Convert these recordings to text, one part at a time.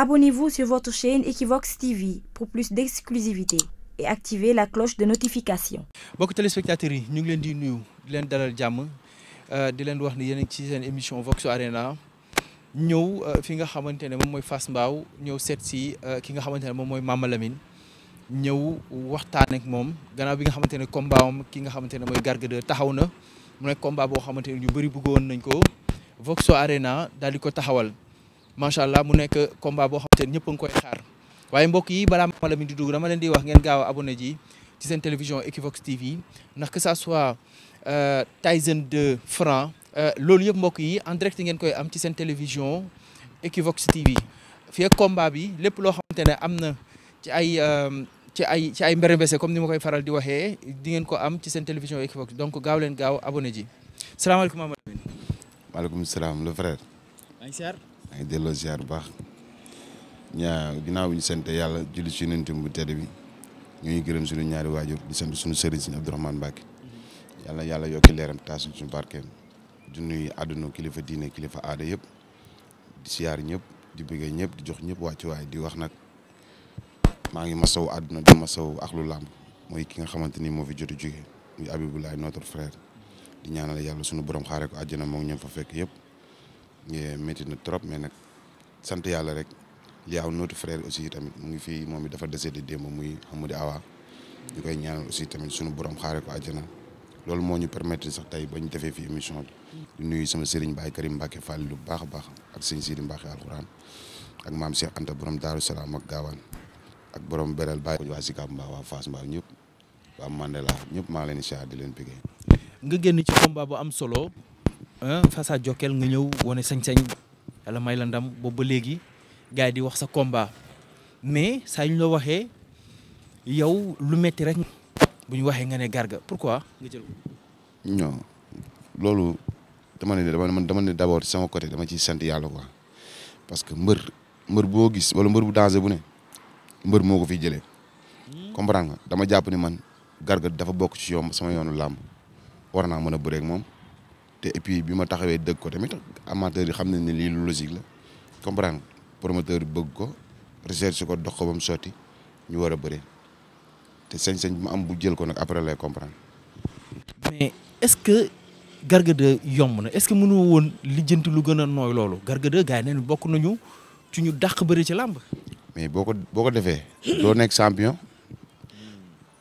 Abonnez-vous sur votre chaîne Equivox TV pour plus d'exclusivité et activez la cloche de notification. mbokk téléspectateurs yi ñu ngi leen di nuyu di leen dalal jàmm euh, di leen wax ni yéen ci seen émission Vox Arena ñëw euh, fi nga xamante ne moom mooy Fass mbaaw ñëw seet si euh, ki nga xamante ne moom mooy maamalamin ñëw waxtaan ak moom gannaaw bi nga xamante ne combat ki nga xamante ne mooy Garga 2 taxaw na mu nekk combat boo xamante ne ñu bëri bëggoon nañ ko Vox Arena daal di ko taxawal. macha allah mu nekk combat boo xamante ne ñëpp a ngi koy xaar waaye mbokk yi balaa ma la mi di dama leen di wax ngeen gaaw a abonné ji ci seen télévision Equivox TV ndax que ça soit euh, Tyson de Franc euh, loolu yëpp mbokk yi en direct ngeen koy am ci seen télévision Equivox TV fii ak combat bi lépp loo xamante ne am na ci ay euh, ci ay ci ay mbérembese comme ni ma koy faral di waxee di ngeen ko am ci seen télévision Equivox donc gaaw leen gaaw abonné ji salaamaaleykum Amadou. maaleykum salaam maa ngi delloo ziar bu baax ñaa ginnaaw ñu sant yàlla julli ci yonent bu tedd bi ñooñu gërëm suñu ñaari waajur di sant suñu sëriñ si Abdourahmane Mbacke yàlla yàlla yokki leeram taas suñu barkeem di nuyu àdduna kilifa diine kilifa aada yëpp di siyaar ñëpp di bëggee ñëpp di jox ñëpp wàccuwaay di wax nag maa ngi masawu àdduna di masawu lu làmb mooy ki nga xamante ni moo fi jot a jóge muy Abibulaay notre frère di ñaanal yàlla sunu borom xaaree ko àjjana moom ñoom fa fekk yëpp Eh, métti na trop mais nag sant yàlla rek yaaw notre frère aussi tamit mu ngi fii moom i dafa décédé démb muy Hamoudi Awa ñu koy ñaan aussi tamit sunu borom xaare ko àjjana loolu moo ñu permettre sax tey bañ defee fi émission bi. nuyu sama sëriñ Baye Karim Mbacke Fall lu baax a baax ak sëñ Sidi Mbacke alxuraan ak maam Cheikh Anta borom Daaru Salaam ak Gaawaan ak borom Beral Baye. waa Sicap Mbao waa Fass Mbao ñëpp waa Mandela ñëpp maa leen di di leen piqué. am solo. face à Jokal nga ñëw wane sañ-sañ yàlla may landam ndam boobu ba léegi gars yi di wax sa combat mais saa ñu la waxee yow lu metti rek bu ñu waxee nga ne Garga pour nga jël ko. non loolu dama ne dama dama ne d'abord sama côté dama ci sant yàlla ko parce que mbër mbër boo gis wala mbër bu danger bu ne mbër moo ko fi jëlee. Hmm? comprendre nga dama jàpp ni man Garga dafa bokk ci yoon sama yoonu làmb war naa mën a bëreeg moom. te et puis bi ma taxawee dëgg ko tamit amateur yi xam nañ ne lii lu logique la comprendre promoteur bëgg ko recherche ko dox ko ba mu sotti ñu war a bëri te sañ-sañ bu ma am bu jël ko nag après la comprendre. mais est-ce que Garga yomb na est-ce que mënu woon lijjanti lu gën a nooy loolu Garga 2 gars yi neen nañu ci ñu dàq bëri ci làmb. mais boo ko boo ko defee. doo nekk champion.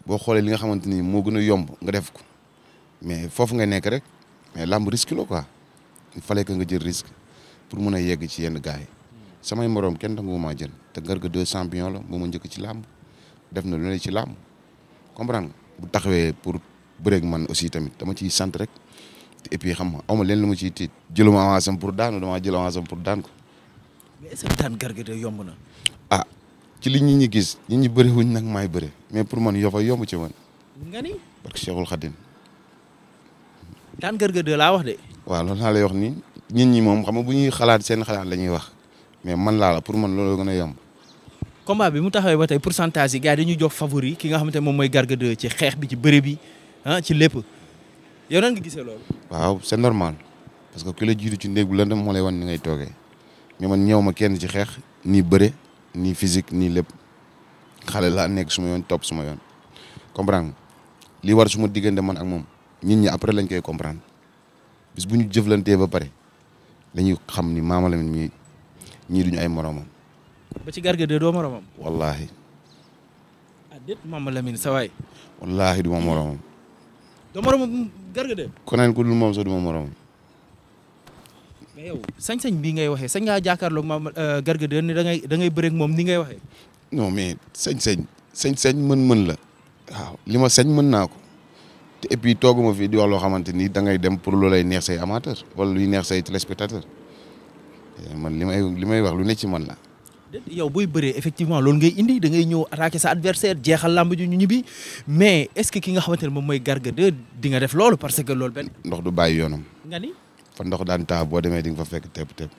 boo xoolee li nga xamante ni moo gën a yomb nga def ko mais foofu nga nekk rek. mais lamb risque la quoi il fallait que nga jël risque pour mun a yegg ci yenn gars yi samay moroom kenn da nga maa jël te Garga deux champion la moo njëkk ci làmb def na lu ci làmb comprendre nga bu taxawee pour bëreeg man aussi tamit dama ciy sant rek et puis xam nga awma leen lu ma ci tiit jëluma ma am pour pour daan ko. mais est-ce que daan Garga yomb na. ah ci li nit ñi gis nit ñi bëri wuñ nag maay bëri mais pour man yofa yomb ci man. nga ni. parce que daan gërgër de laa wax de. waaw loolu laa lay wax ni nit ñi moom xam nga bu ñuy xalaat seen xalaat la ñuy wax mais man laa la pour man loolu gën a yomb. combat bi mu taxawee ba tey pourcentage yi gars yi dañuy jox favori ki nga xamante ne moom mooy garga de ci xeex bi ci bëre bi ah ci lépp yow nan nga gisee loolu. waaw c'est normal parce que ku la jiitu ci néeg bu lëndëm moo lay wan ni ngay toogee mais man ñëw ma kenn ci xeex nii bëre nii physique nii lépp xale laa nekk suma yoon topp suma yoon comprendre li war suma diggante man ak moom. nit ñi après lañ koy comprendre bis bu ñu jëflantee ba pare dañuy xam ni maamalamin Lamine mii ñii duñu ay moromam. ba ci Garga doo moromam. wallaahi. ah déet Mama Lamine sa waay. wallaahi du ma moromam. doo moromam Garga de. koneen ku dul moom sax du ma moromam. mais yow sañ-sañ ngay waxee sañ ngaa jàkkaarloog Mama euh, Garga de da ngay da moom ni ngay waxee. non mais sañ-sañ sañ-sañ mën-mën la waaw li ma sañ mën naa ko. te et puis tooguma fii di wax loo xamante ni da ngay dem pour lu lay neex say amateur wala luy neex say téléspectateur man li may li may wax lu ne ci man la. yow booy bëree effectivement loolu ngay indi da ngay ñëw attaquer sa adversaire jeexal làmb ji ñu ñibbi mais est-ce que ki nga xamante ne moom mooy Garga 2 di nga def loolu parce que loolu benn. ndox du bàyyi yoonam. nga ni fa ndox daan taa boo demee di nga fa fekk tepp tepp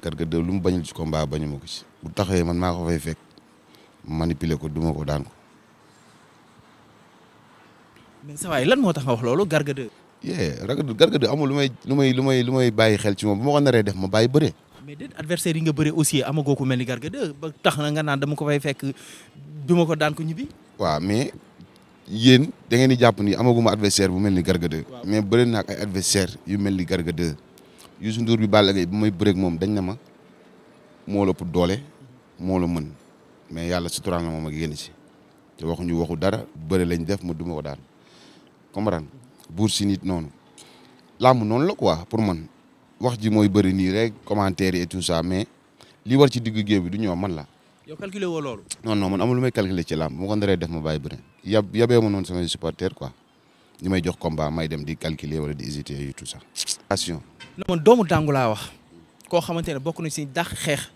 Garga 2 lu mu bañul ci combat bañu ma ko ci bu taxawee man maa ko fay fekk manipuler ko duma ko daan mais sa waay lan moo tax nga wax loolu Garga 2. yee Garga 2 amul lu may lu may lu may lu may bàyyi xel ci moom bu ma ko naree def ma bàyyi bëre. mais déet yi nga bëree aussi amagoo ko ni Garga 2 ba tax na nga naan dama ko fay fekk du ma ko daan ko ñibbi. waaw mais yéen da ngeen di jàpp ni amaguma adversaire bu mel ni Garga 2. mais bëri na ak yu mel ni Garga 2 Youssou Ndour bi Balla bu may bëreeg moom dañ na ma moo pour doole moo la mën mais yàlla suturaal na moom ak yéen ci te waxuñu waxu dara bëri lañ def ma duma ko daan. comprendre buur si nit noonu làmb noonu la quoi pour man wax ji mooy bëri nii rek commentaire yi et mais li war ci digg géew bi du ñëw man la. yow calculé woo loolu. non non man amul lu may calculer ci làmb bu ma ko naree def ma bàyyi bëri yab yabee ma noonu samay supporters quoi ñu may jox combat may dem di calculer wala di hésiter et tout ça. attention. non man doomu dàngu laa wax. koo xamante ne bokk na si dàq xeex.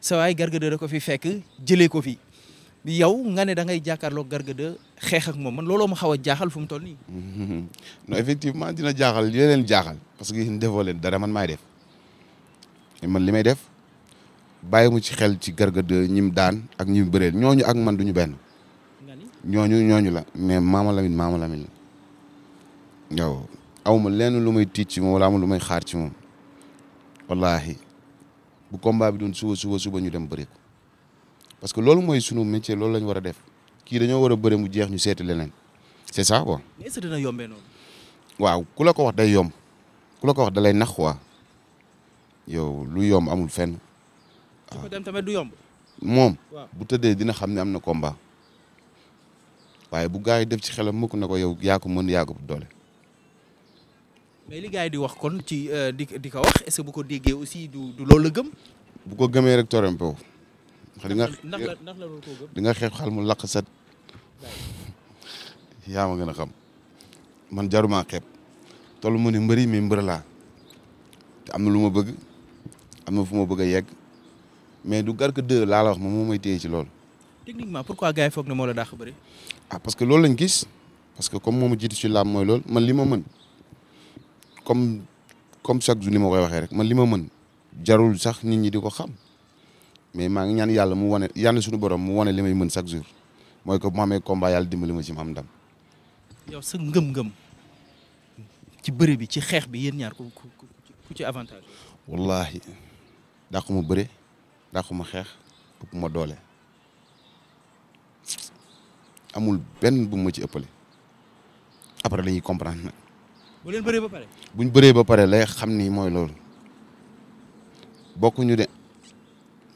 sa waay gargaare ko fi fekk jële ko fi. yow nga ne da ngay jàkkaarloo Garga 2 moom man looloo ma xaw a jaaxal fu mu toll nii. non effectivement dina jaaxal dina leen jaaxal parce que yéen defoo leen dara man maay def man li may def bàyyi mu ci xel ci Garga ñim daan ak ñim bëreel ñooñu ak man duñu benn. ñooñu ñooñu la mais maama Lamine maama Lamine la yow aw ma lenn lu may tiit moom wala amul lu may xaar ci moom wallaahi bu combat bi doon suba suba suba ñu dem bëri ko parce que loolu mooy sunu métier loolu la ñu war a def kii dañoo war a bëre mu jeex ñu seeti leneen c'est ça quoi. mais est waaw ku la ko wax da yomb ku la ko wax da lay nax quoi yow lu yomb amul fenn. waaw ko dem tamit du yomb. moom bu tëddee dina xam ne am na komba waaye bu gars yi def ci xelam mukk na ko yow yaa mën yaa ko doole. mais li yi di wax kon ci euh, di di ko wax est bu ko déggee aussi du du loolu la gëm. bu ko gëmee rek torompew di nga di nga xeex mu laq set yaa ma gën a xam man jaruma xeeb tollu mu ne mbëri mais mbër laa te am na lu ma bëgg am na fu ma bëgg a yegg mais du gar deux laa la wax moom moo may téye ci lool techniquement pourquoi gars yi foog ne moo la dàq bëri. ah parce que loolu lañ gis parce que comme moomu jiitu si làmb mooy loolu man li ma mën comme comme chaque jour ni ma koy waxee rek man li ma mën jarul sax nit ñi di ko xam. mais maa ngi ñaan yàlla mu wane yàlla suñu borom mu wane li may mën chaque jour mooy que bu ma amee combat yàlla dimbali ma ci ma ndam. yow sa ngëm-ngëm ci bëre bi ci xeex bi yéen ñaar ku ku ci avantage. wallaahi dàqu ma bëre dàqu ma xeex ëpp ma doole amul benn bu ma ci ëppale après la ñuy comprendre nag. bu leen bëree ba pare. buñ bëree xam ni mooy loolu bokkuñu de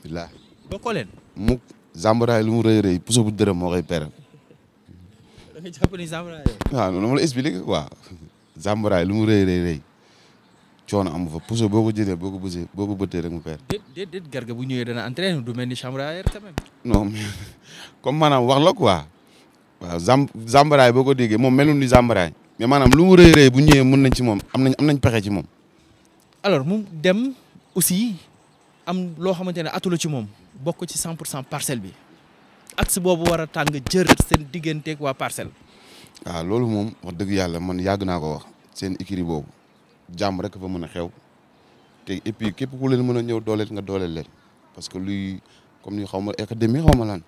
bilaay bokkoo leen. mu Zambaraay lu mu rëy rëy puso bu dërëm moo koy peral. da nga jàpp ni Zambaraay. Ah, waaw noonu lu mu rëy rëy rëy coono amu fa puso boo ko jëlee boo ko bësee boo ko bëttee mu per. déet déet bu ñëwee dana entraîné du mel ni Zambaraay quand même. non mais comme maanaam wax la quoi waaw Zamb Zambaraay boo ko déggee moom melul ni mais maanaam lu mu rëy rëy bu ñëwee mën nañ ci moom am nañ am nañ pexe ci moom. alors mu dem aussi. am loo xamante ne atula ci moom bokk ci 100 pour cent parcelle bi axe boobu war a tàng jër seen digganteeg waa parcelle. waaw ah, loolu moom wax dëgg yàlla man yàgg naa ko wax seen écurie boobu jàmm rek fa mën a xew te et puis képp ku leen mën a ñëw dooleel nga dooleel leen parce que luy comme ni xaw ma académie xaw ma lan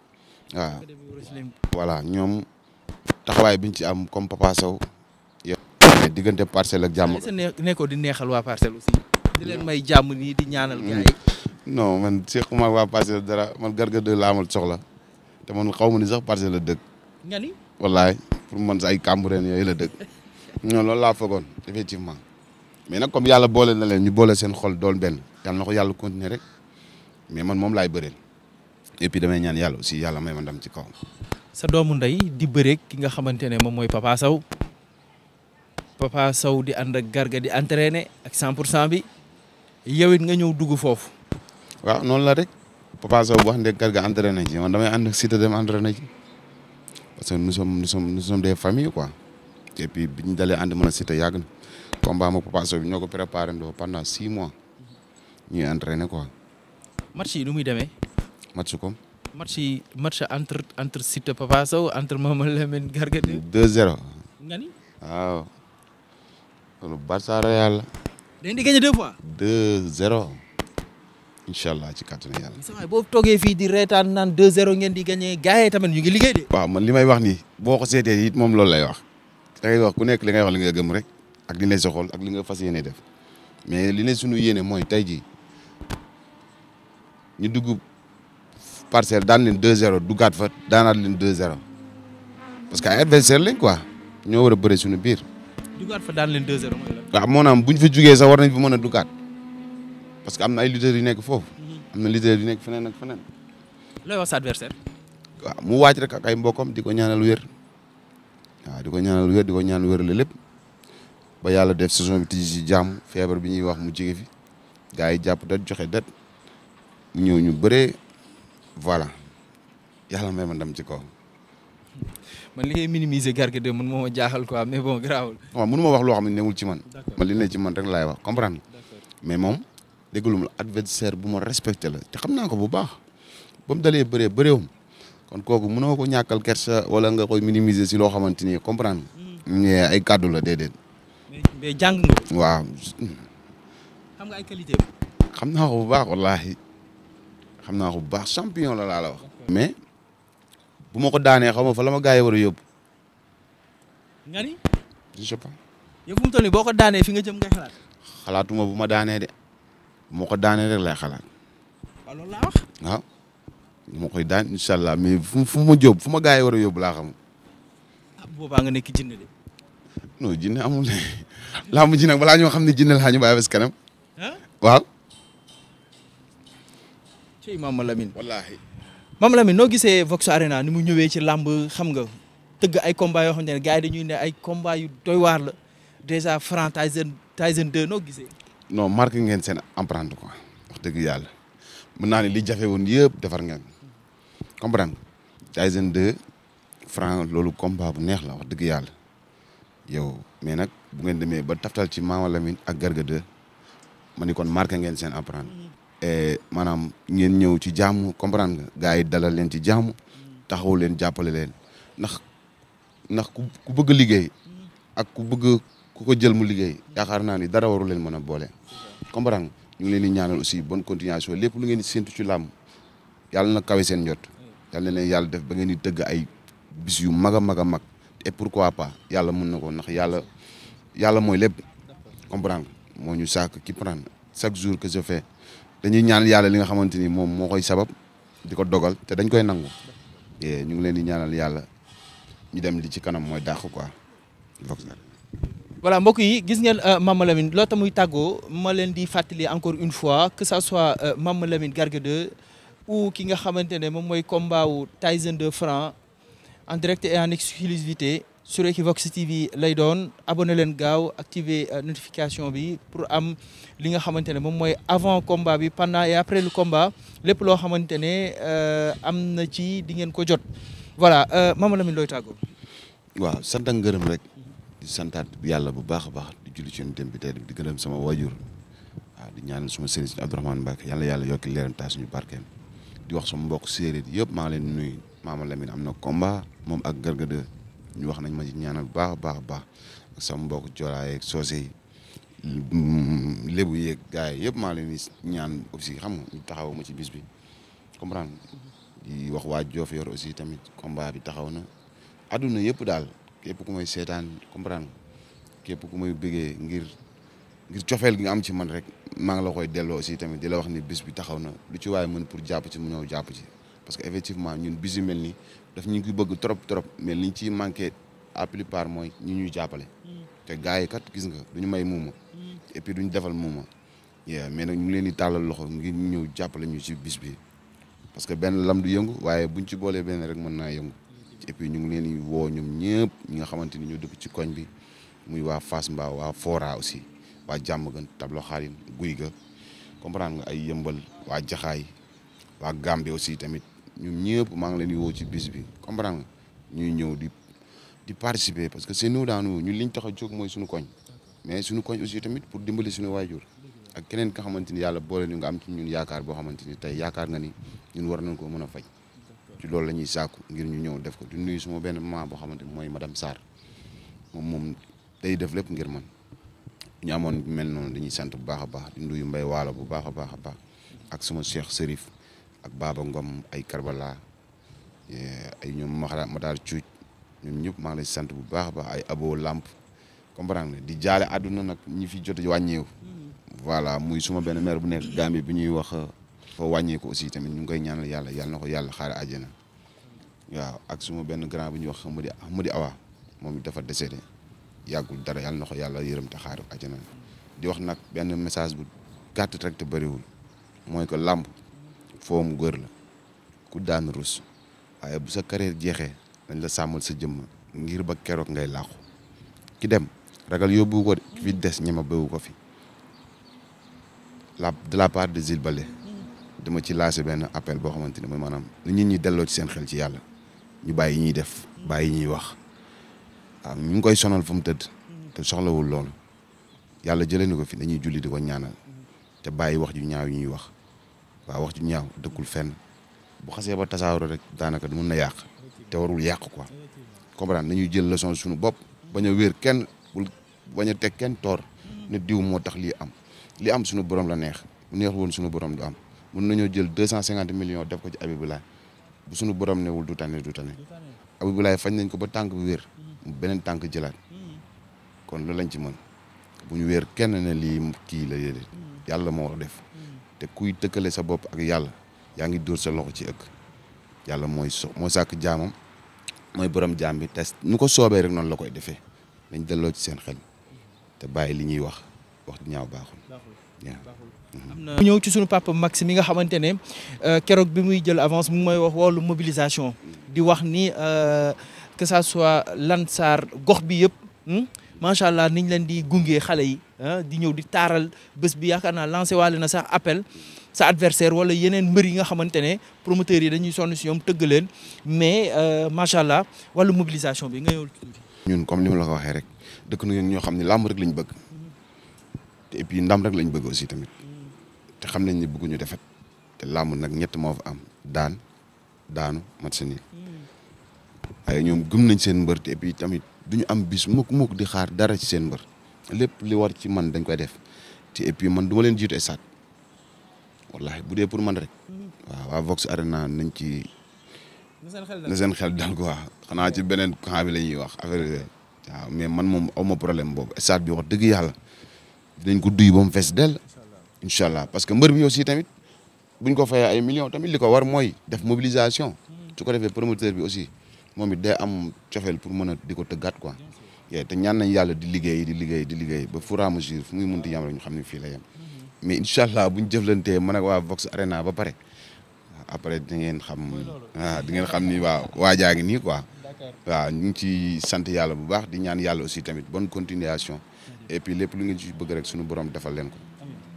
ah. waaw. voilà ñoom taxawaay biñ ci am comme Papa Sow. diggante parcelle ak jàmm. est ce di neexal waa parcelle aussi. di leen may jàmm nii di ñaanal gars yi non man Cheikh Oumar waa Parcelles dara man Garga 2 laa amal soxla te man xaw ma ni sax Parcelles la dëkk. nga ni pour man sax ay Cambérène yooyu la dëkk. non loolu laa foogoon effectivement mais nag comme yàlla boole na leen ñu boole seen xol doon benn yàlla na ko yàlla continuer rek mais man moom laay bëreel et puis damay ñaan yàlla aussi yàlla may ma ndam ci kaw sa doomu nday di bëreeg ki nga xamante ne moom mooy Papa saw Papa Sow di ànd ak Garga di entraîner ak 100 pour cent bi yow it nga ñëw dugg foofu. waaw noonu la rek Papa Sow bu wax ne Garga entraîné ci man damay ànd ak Siteu dem entraîné ci parce que nous sommes nous sommes nous sommes des familles quoi bi ñu dalee ànd mën a Siteu yàgg na combat ma Papa Sow bi ñoo ko préparé ndoo pendant six mois ñuy entraîné ko match yi nu muy demee. match comme. match yi match entre entre Siteu Papa Sow entre Mama Lamine Garga. 2-0. nga ni waaw. loolu Barça la. dañ di gagné deux fois. 2-0. incha allah ci kàttanu yàlla. saa boo toogee fii di reetaan naan 2-0 ngeen di gagné gars yi tamit ñu ngi liggéey de. waaw man li may wax nii boo ko seetee it moom loolu lay wax da ngay wax ku ngay wax li nga gëm rek ak li lay soxal ak li nga fas yéene def mais li ne suñu yéene mooy tey jii ñu dugg parcelle daan leen 2-0 duggaat fa daanaat leen 2-0 parce que ay adversaire lañ quoi ñoo war a bëre suñu biir. duggaat fa daan leen 2-0 mooy naam bu ñu fi jugee sax war nañ fi mën a duggaat. parce que am na ay leaders yu nekk foofu. Mhm. am na leaders yu nekk feneen looy wax sa adversaire. mu waaj rek ak ay mbokkam di ko ñaanal wér. waaw di ko ñaanal wér di ko ñaanal wér la yàlla def saison bi tijji si jàmm feebar bi ñuy wax mu jege fi gars yi jàpp dat joxe dat mu ñëw ñu bëree voilà yàlla may ma ndam ci kaw. man li ngay minimiser Garga 2 man moo ma jaaxal quoi mais bon garaawul. waaw mënu ma wax loo xam ne newul ci man. li ne ci man rek laay wax comprendre mais moom déggulum la adversaire bu ma respecté la te xam naa ko bu baax ba mu dalee bëree bëreewum kon kooku mënoo ko ñàkkal kersa wala nga koy minimiser si loo xamante ni comprendre mm. ay kàddu la déedéet. mais waaw. xam nga ay qualité naa ko bu baax wallaahi xam naa ko bu baax champion la laa la wax. bu ma ko daanee xaw ma fa la ma gars yi war a yóbbu. je sais pas. yow mu boo ko daanee fi nga jëm ngay xalaat. xalaatuma bu ma daanee de. moo ko daanee rek lay xalaat. waaw loolu daan incha allah mais fu fu ma jóob fu ma gaa yi war a yóbbu laa ah, boobaa nga nekk jinne de. non jinne amul ne làmb ji nag balaa ñoo xam ne jinne laa ñu bàyyi bés kanam. waaw. ci Mama Lamine. noo gisee Vox Arena ni mu ñëwee ci làmb xam nga tëgg ay combat yoo xamante ne gars yi dañuy ne ay combat yu doy waar la déjà Franc Tyson Tyson 2 noo gisee. non marqué ngeen seen empreinte quoi wax dëgg yàlla mën naa ne li jafe woon yëpp defar ngeen comprendre Tyson 2 Franc loolu combat bu neex la wax dëgg yàlla yow mais nag bu ngeen demee ba taftal ci maam Mama Lamine ak Garga 2 ma kon marqué ngeen seen empreinte et maanaam ngeen ñëw ci jàmm comprendre nga gars yi dalal leen ci jàmm taxaw leen jàppale leen ndax ndax ku bëgg liggéey ak ku bëgg ku ko jël mu liggéey yaakaar naa ni dara waru leen mën a boole. comprendre ñu ngi leen di ñaanal aussi bonne continuation lépp lu ngeen di ci làmb yàlla na kawe seen njot yàlla na yàlla def ba ngeen di tëgg ay bis yu mag a mag a mag et pourquoi pas yàlla mun na ko ndax yàlla yàlla mooy lépp comprendre moo ñu saak ki prendre chaque jour que fais dañuy ñaan yàlla li nga xamante ni moom moo koy sabab di ko dogal te dañ koy nangu eh, ñu ngi leen di ñaanal yàlla ñu dem li ci kanam mooy dàq quoi vox voilà mbokk yi gis ngeen euh, Mama Lamine loo tamuy tàggoo ma leen di fàttali encore une fois que ça soit euh, Mama Lamine Garga 2 ou ki nga xamante ne moom mooy combat wu Tyson 2 Franc en direct et en exclusivité sur Equivox TV lay doon abonné leen gaaw activer euh, notification bi pour am li nga xamante ne moom mooy avant combat bi pendant et après le komba lépp loo xamante ne am na ci di ngeen ko jot voilà Mama Lamine looy tàggoo. waaw di santaat yàlla bu baax a baax di julli ci yonent bi tey di gërëm sama wajur waaw di ñaan suma sëriñ si Abdourahmane Mbacke yàlla yàlla yokki leeram taa suñu barkeem di wax sama mbokk séeréer yëpp maa ngi leen nuyu maama Lamine am na komba moom ak gërgëdë ñu wax nañ ma ci ñaanal bu baax a baax a baax ak sama mbokk Joolaa yeeg soose yi mm, lébu yeeg gars yi yëpp maa leen ñaan aussi xam nga taxaw ma ci bis bi comprendre mm-hmm. di wax waa aussi tamit combat bi taxaw na adduna yëpp daal képp ku mooy seetaan comprendre képp ku may bëggee ngir ngir cofeel gi nga am ci man rek maa ngi la koy delloo si tamit di la wax ni bis bi taxaw na lu ci waaye mën pour jàpp ci mu ñëw jàpp ci parce que effectivement ñun bis mel nii daf ñu ngi bëgg trop trop mais liñ ciy manqué à plupart mooy ñi ñuy jàppale. Mm. te gars yi kat gis nga ñu may muuma. Mm. et puis ñu defal muuma. mais nag ñu ngi leen di tàllal loxo ngir ñëw jàppale ñu ci bis bi parce que benn lam du yëngu waaye buñ ci boolee benn rek mën naa yëngu. et puis ñu ngi leen di woo ñoom ñëpp ñi nga xamante ni ñoo dëkk ci koñ bi muy waa Fass Mbao waa Fora aussi waa Diamaguène Tableau Xaadim guy ga comprendre nga ay yëmbal waa jaxaay waa Gambie aussi tamit ñoom ñëpp maa ngi leen di woo ci bis bi comprendre nga ñuy ñëw di di participer parce que c'est nous dans nous ñun liñ tax a jóg mooy suñu koñ mais suñu koñ aussi tamit pour dimbali suñu waajur ak keneen nga xamante ni yàlla boole ñu nga am ci ñun yaakaar boo xamante ni tey yaakaar nga ni ñun war nañ ko mën a faj ci loolu la ñuy sàkku ngir ñu ñëw def ko di nuyu suma benn maman boo xamante ni mooy madame Sarr moom moom day def lépp ngir man ñu amoon mel noonu dañuy sant bu baax a baax di nuyu mbay waalo bu baax a baax a baax ak suma Cheikh Serif ak baaba Ngom ay Karbala eh, ay ñoom Maxara Matar Cuuj ñoom ñu maa ngi lay sant bu baax a baax ay abo lamp comprendre nga di jaale àdduna nag ñi fi jot a wàññeewu mm-hmm. voilà muy suma benn maire bu nekk Gambie bi ñuy wax. dafa wàññeeku aussi tamit ñu ngi koy ñaanal yàlla yàlla na ko yàlla xaare àjjana waaw ak suma benn grand bu ñuy wax Amady Amady Awa moom dafa décédé yàggul dara yàlla na ko yàlla yërëm te xaare àjjana di wax nag benn message bu gàtt rek bariwul mooy que làmb foo mu góor la ku daan rus waaye bu sa carrière jeexee dañ la sàmmal sa jëmm ngir ba keroog ngay làqu ki dem ragal yóbbu ko fi des ñema béwu ko fi la de la part de Zil Balé dama ci lancé benn appel boo xamante ne mooy maanaam nit ñi delloo ci seen xel ci yàlla ñu bàyyi ñuy def bàyyi ñuy wax waaw ah, ñu ngi koy sonal fu mu tëdd te soxlawul loolu yàlla jëlee ni ko fi dañuy julli di ko ñaanal te bàyyi wax ju ñaaw yi ñuy wax waaw wax ju ñaaw dëkkul fenn bu xasee ba tasaawro rek daanaka mun na yàq te warul yàq quoi comprendre nañuy jël leçon suñu bopp bañ a wéer kenn bul bañ teg kenn toor ne diw moo tax lii am li am suñu borom la neex neex woon suñu borom du am mun nañoo jël deux cent cinquante millions def ko ci Abibulaay bu suñu borom newul du tane du tane Abibulaay fañ nañ ko ba tànk bi wér mu beneen tànk jëlaat mm-hmm. kon loolu lañ ci mën bu ñu wéer kenn ne lii kii la yéene mm-hmm. yàlla moo def mm-hmm. te kuy tëkkale sa bopp ak yàlla yaa ngi dóor sa loxo ci ëkk yàlla mooy so moo sàkk jaamam mooy borom jaam bi te nu ko soobee rek noonu la koy defee dañ delloo ci seen xel te bàyyi li ñuy wax wax di ñaaw baaxul. mu ñëw ci suñu papa Max mi nga xamante ne euh, keroog bi muy jël avance mu ngi may wax wàllu mobilisation di wax ni euh, que ça soit Lansar gox bi yëpp hmm, macha allah niñ leen di gungee xale yi di ñëw di taaral bés bi yaakaar naa lancé waale na sax appel sa adversaire wala yeneen mbër yi nga xamante ne promoteurs yi dañuy sonn si ñoom tëgg leen mais euh, macha allah wàllu mobilisation bi nga ñëw. ñun comme ni mu la ko waxee rek dëkk na ñun ñoo xam ne làmb rek lañ bëgg et puis ndam rek lañ bëgg aussi tamit. te xam nañ ni ñu defet te làmb nag ñett moo fa am daan daanu mat sa nii waaye ñoom gëm nañ seen mbër te et tamit duñu am bis mukk mukk di xaar dara ci seen mbër lépp li war ci man dañ koy def te et man du ma leen jiitu esaat wallahi bu dee pour man rek waaw waa Vox Arena nañ ci na seen xel dal quoi xanaa ci beneen camp bi la ñuy wax affaire yooyu mais man moom aw ma problème boobu esaat bi wax dëgg yàlla dinañ ko duy ba fees dell incha allah parce que mbër bi aussi tamit buñ ko fayee ay millions tamit li ko war mooy def mobilisation su ko defee promoteur bi aussi moom it day am cofeel pour mën a di ko tëggaat quoi te ñaan nañ yàlla di liggéey di liggéey di liggéey ba fur et à mesure fu muy munti yam rek ñu xam ni fii la yem mhm. mais incha allah buñ jëflantee man ak waa Vox Arena ba pare après di ngeen xam ah di ngeen xam ni waaw waajaa ngi nii quoi waaw ñu ngi ci sant yàlla bu baax di ñaan yàlla aussi tamit bon continuation mhm. et puis lépp lu ngeen ci bëgg rek suñu borom defal leen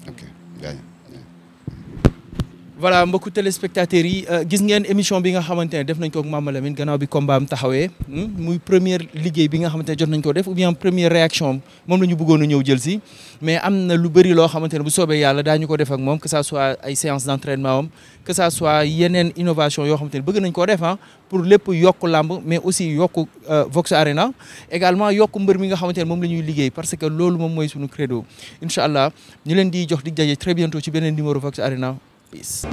ok jaajëf voilà mbokku téléspectateurs yi euh, gis ngeen émission bi nga xamante ne def nañ ko ak Mama Lamine gannaaw bi combat am taxawee hmm, muy première liggéey bi nga xamante ne jot nañ ko def ou bien première réaction moom la ñu bëggoon a ñëw lu bëri loo xamante ne bu soobee yàlla daañu ko def ak moom que ça soit ay séance ne bëgg nañ koo def pour lépp yokk lamb mais aussi yokk euh, Vox Arena également yokk mbër mi nga xamante ne moom la ñuy liggéey parce que loolu moom mooy suñu credo incha allah ñu leen di jox dig daje très bientôt ci beneen numéro Vox Arena Peace.